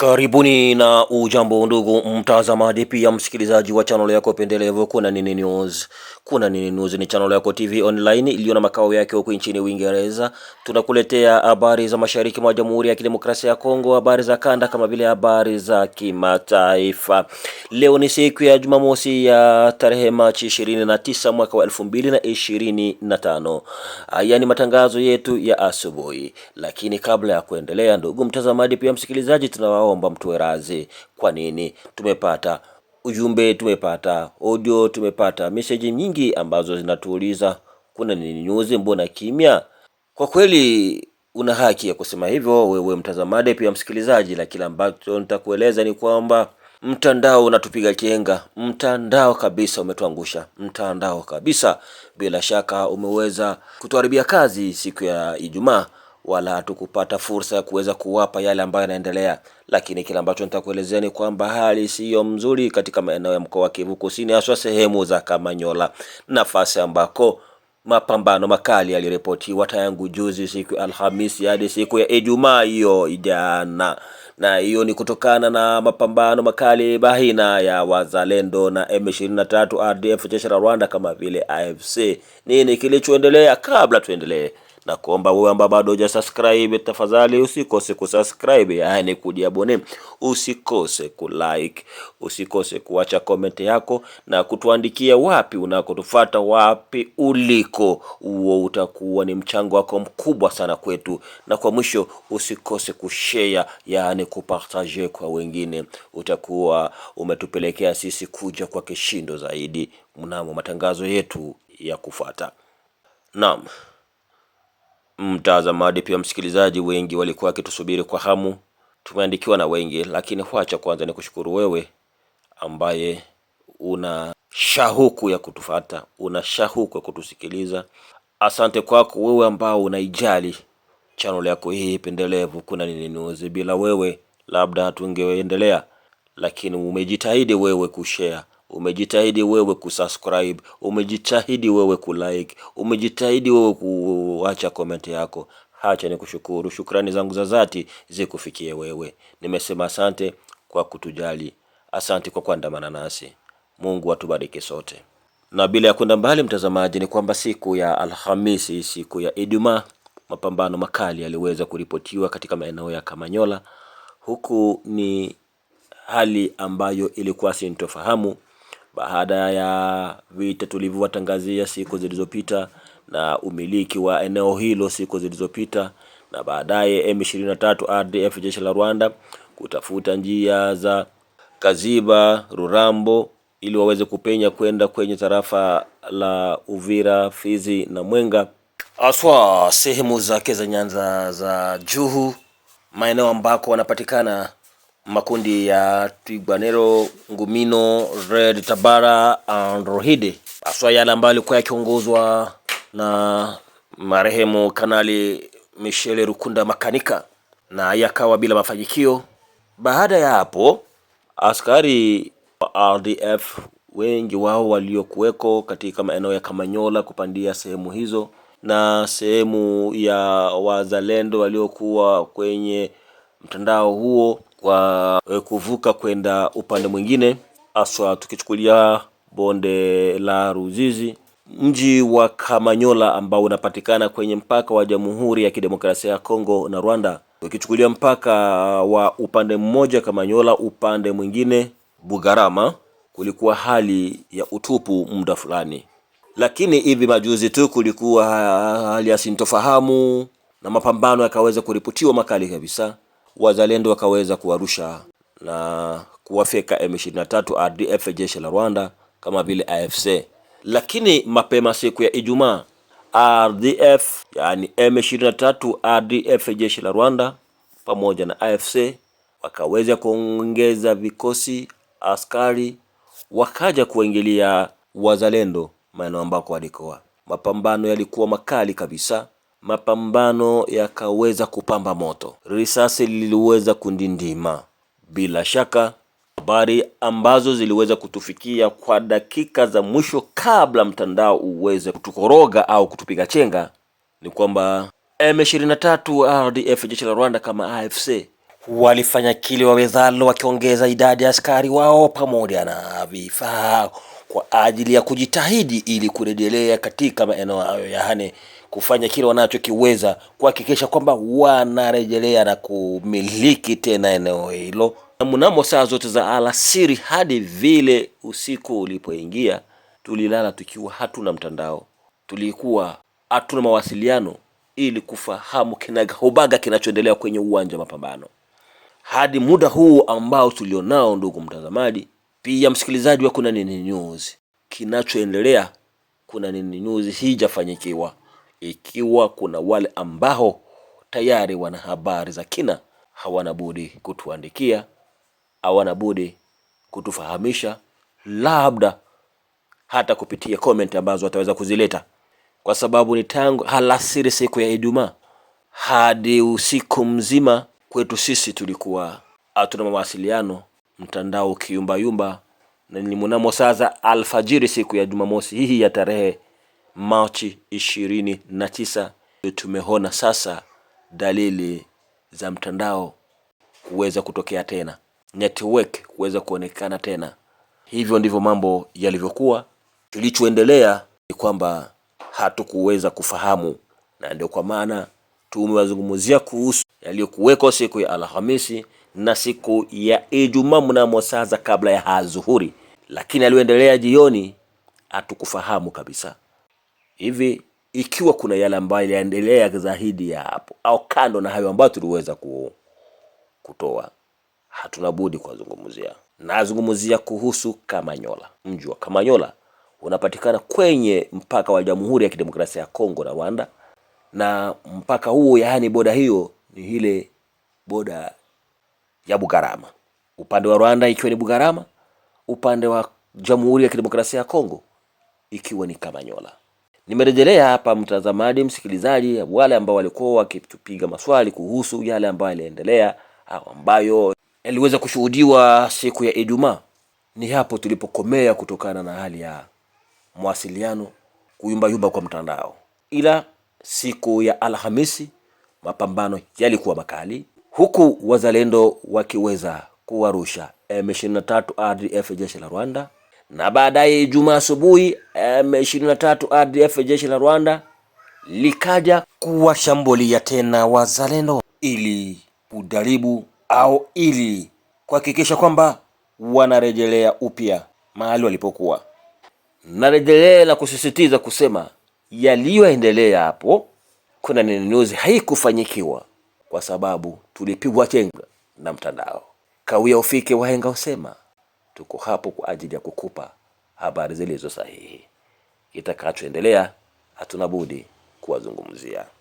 Karibuni na ujambo ndugu mtazamaji, pia msikilizaji wa channel yako pendelevu Kuna Nini News. Kuna Nini News ni channel yako TV online iliyo na makao yake huko nchini Uingereza. Tunakuletea habari za mashariki mwa Jamhuri ya Kidemokrasia ya Kongo, habari za kanda kama vile habari za kimataifa. Leo ni siku ya Jumamosi ya tarehe Machi 29 mwaka wa 2025. Haya ni matangazo yetu ya asubuhi, lakini kabla ya kuendelea, ndugu mtazamaji, pia msikilizaji, tunawao tunaomba mtuwe radhi. Kwa nini? Tumepata ujumbe, tumepata audio, tumepata meseji nyingi ambazo zinatuuliza kuna nini nyuzi, mbona kimya? Kwa kweli una haki ya kusema hivyo wewe mtazamaji, pia msikilizaji, na kila ambacho nitakueleza ni kwamba mtandao unatupiga kienga, mtandao kabisa umetuangusha, mtandao kabisa. Bila shaka umeweza kutuharibia kazi siku ya Ijumaa wala hatukupata fursa ya kuweza kuwapa yale ambayo yanaendelea, lakini kile ambacho ni kwamba hali siyo mzuri katika maeneo ya mkoa wa Kivu Kusini, haswa sehemu za Kamanyola, nafasi ambako mapambano makali yaliripotiwa tangu juzi siku ya Alhamisi hadi siku ya Ijumaa hiyo jana, na hiyo ni kutokana na mapambano makali baina ya wazalendo na M23 RDF, jeshi la Rwanda kama vile AFC. Nini kilichoendelea? Kabla tuendelee na kuomba wewe ambao bado hujasubscribe, tafadhali usikose kusubscribe, yaani kujiabone, usikose kulike, usikose kuacha komenti yako na kutuandikia wapi unakotufata wapi uliko. Huo utakuwa ni mchango wako mkubwa sana kwetu, na kwa mwisho usikose kushare, yaani kupartage kwa wengine, utakuwa umetupelekea sisi kuja kwa kishindo zaidi mnamo matangazo yetu ya kufuata. Naam. Mtazamaji pia msikilizaji, wengi walikuwa wakitusubiri kwa hamu, tumeandikiwa na wengi, lakini huacha kwanza ni kushukuru wewe ambaye una shahuku ya kutufata, una shahuku ya kutusikiliza. Asante kwako wewe ambao unaijali channel yako hii pendelevu Kuna Nini News. Bila wewe labda hatungeendelea, lakini umejitahidi wewe kushare umejitahidi wewe kusubscribe, umejitahidi wewe kulike, umejitahidi wewe kuacha komenti yako. Hacha ni kushukuru, shukrani zangu za dhati zikufikie wewe. Nimesema asante kwa kutujali, asante kwa kuandamana nasi. Mungu atubariki sote. Na bila ya kwenda mbali, mtazamaji, ni kwamba siku ya Alhamisi, siku ya Ijumaa, mapambano makali yaliweza kuripotiwa katika maeneo ya Kamanyola. Huku ni hali ambayo ilikuwa sintofahamu baada ya vita tulivyowatangazia siku zilizopita na umiliki wa eneo hilo siku zilizopita, na baadaye M23 RDF jeshi la Rwanda kutafuta njia za Kaziba, Rurambo ili waweze kupenya kwenda kwenye tarafa la Uvira, Fizi na Mwenga aswa sehemu zake za nyanza za Juhu, maeneo ambako wanapatikana makundi ya Twigwanero, Ngumino, Red Tabara and Rohide, haswa yale ambayo alikuwa yakiongozwa na marehemu Kanali Michel Rukunda Makanika na yakawa bila mafanikio. Baada ya hapo, askari wa RDF wengi wao waliokuweko katika maeneo ya Kamanyola kupandia sehemu hizo na sehemu ya wazalendo waliokuwa kwenye mtandao huo kwa eh, kuvuka kwenda upande mwingine, haswa tukichukulia bonde la Ruzizi, mji wa Kamanyola ambao unapatikana kwenye mpaka wa Jamhuri ya Kidemokrasia ya Kongo na Rwanda. Ukichukulia mpaka uh, wa upande mmoja Kamanyola, upande mwingine Bugarama, kulikuwa hali ya utupu muda fulani, lakini hivi majuzi tu kulikuwa uh, hali ya sintofahamu na mapambano yakaweza kuripotiwa makali kabisa wazalendo wakaweza kuwarusha na kuwafyeka M23 RDF jeshi la Rwanda kama vile AFC. Lakini mapema siku ya Ijumaa, RDF yani M23 RDF jeshi la Rwanda pamoja na AFC wakaweza kuongeza vikosi askari, wakaja kuingilia wazalendo maeneo ambako walikuwa. Mapambano yalikuwa makali kabisa. Mapambano yakaweza kupamba moto, risasi liliweza kundindima. Bila shaka habari ambazo ziliweza kutufikia kwa dakika za mwisho kabla mtandao uweze kutukoroga au kutupiga chenga ni kwamba M23 RDF, jeshi la Rwanda kama AFC walifanya kile wawezalo, wakiongeza idadi ya askari wao pamoja na vifaa kwa ajili ya kujitahidi ili kurejelea katika maeneo hayo, yaani kufanya kile wanachokiweza kuhakikisha kwamba wanarejelea na kumiliki tena eneo hilo. Na mnamo saa zote za alasiri hadi vile usiku ulipoingia, tulilala tukiwa hatuna mtandao, tulikuwa hatuna mawasiliano ili kufahamu kinagaubaga kinachoendelea kwenye uwanja wa mapambano hadi muda huu ambao tulionao, ndugu mtazamaji, pia msikilizaji wa Kuna Nini News, kinachoendelea Kuna Nini News hijafanyikiwa. Ikiwa kuna wale ambao tayari wana habari za kina, hawana budi kutuandikia, hawana budi kutufahamisha, labda hata kupitia comment ambazo wataweza kuzileta, kwa sababu ni tangu halasiri siku ya Ijumaa hadi usiku mzima kwetu sisi tulikuwa hatuna mawasiliano mtandao ukiyumbayumba, na ni mnamo saa za alfajiri siku ya Jumamosi hii ya tarehe Machi ishirini na tisa tumeona sasa dalili za mtandao kuweza kutokea tena, network kuweza kuonekana tena. Hivyo ndivyo mambo yalivyokuwa. Kilichoendelea ni kwamba hatukuweza kufahamu, na ndio kwa maana tumewazungumzia kuhusu yaliyokuweko siku ya Alhamisi na siku ya Ijumaa mnamo saa za kabla ya adhuhuri, lakini aliyoendelea jioni hatukufahamu kabisa. Hivi ikiwa kuna yale ambayo iliendelea zaidi ya hapo au kando na hayo ambayo tuliweza kutoa, hatuna budi kuwazungumzia. Nazungumzia kuhusu Kamanyola. Mji wa Kamanyola unapatikana kwenye mpaka wa Jamhuri ya Kidemokrasia ya Kongo na Rwanda, na mpaka huo, yaani boda hiyo ni ile boda ya Bugarama, upande wa Rwanda ikiwa ni Bugarama, upande wa Jamhuri ya Kidemokrasia ya Kongo ikiwa ni Kamanyola. Nimerejelea hapa mtazamaji, msikilizaji, wale ambao walikuwa wakitupiga maswali kuhusu yale ambayo yaliendelea au ambayo yaliweza kushuhudiwa siku ya Ijumaa. Ni hapo tulipokomea kutokana na hali ya mawasiliano kuyumbayumba kwa mtandao, ila siku ya Alhamisi mapambano yalikuwa makali huku wazalendo wakiweza kuwarusha M23 RDF jeshi la Rwanda, na baadaye Ijumaa asubuhi M23 RDF jeshi la Rwanda likaja kuwashambulia tena wazalendo ili kudaribu au ili kuhakikisha kwamba wanarejelea upya mahali walipokuwa. Narejelea na kusisitiza kusema yaliyoendelea hapo, kuna News haikufanyikiwa kwa sababu tulipigwa chenga na mtandao. Kawia ufike, wahenga husema. Tuko hapo kwa ajili ya kukupa habari zilizo sahihi. Kitakachoendelea hatuna budi kuwazungumzia.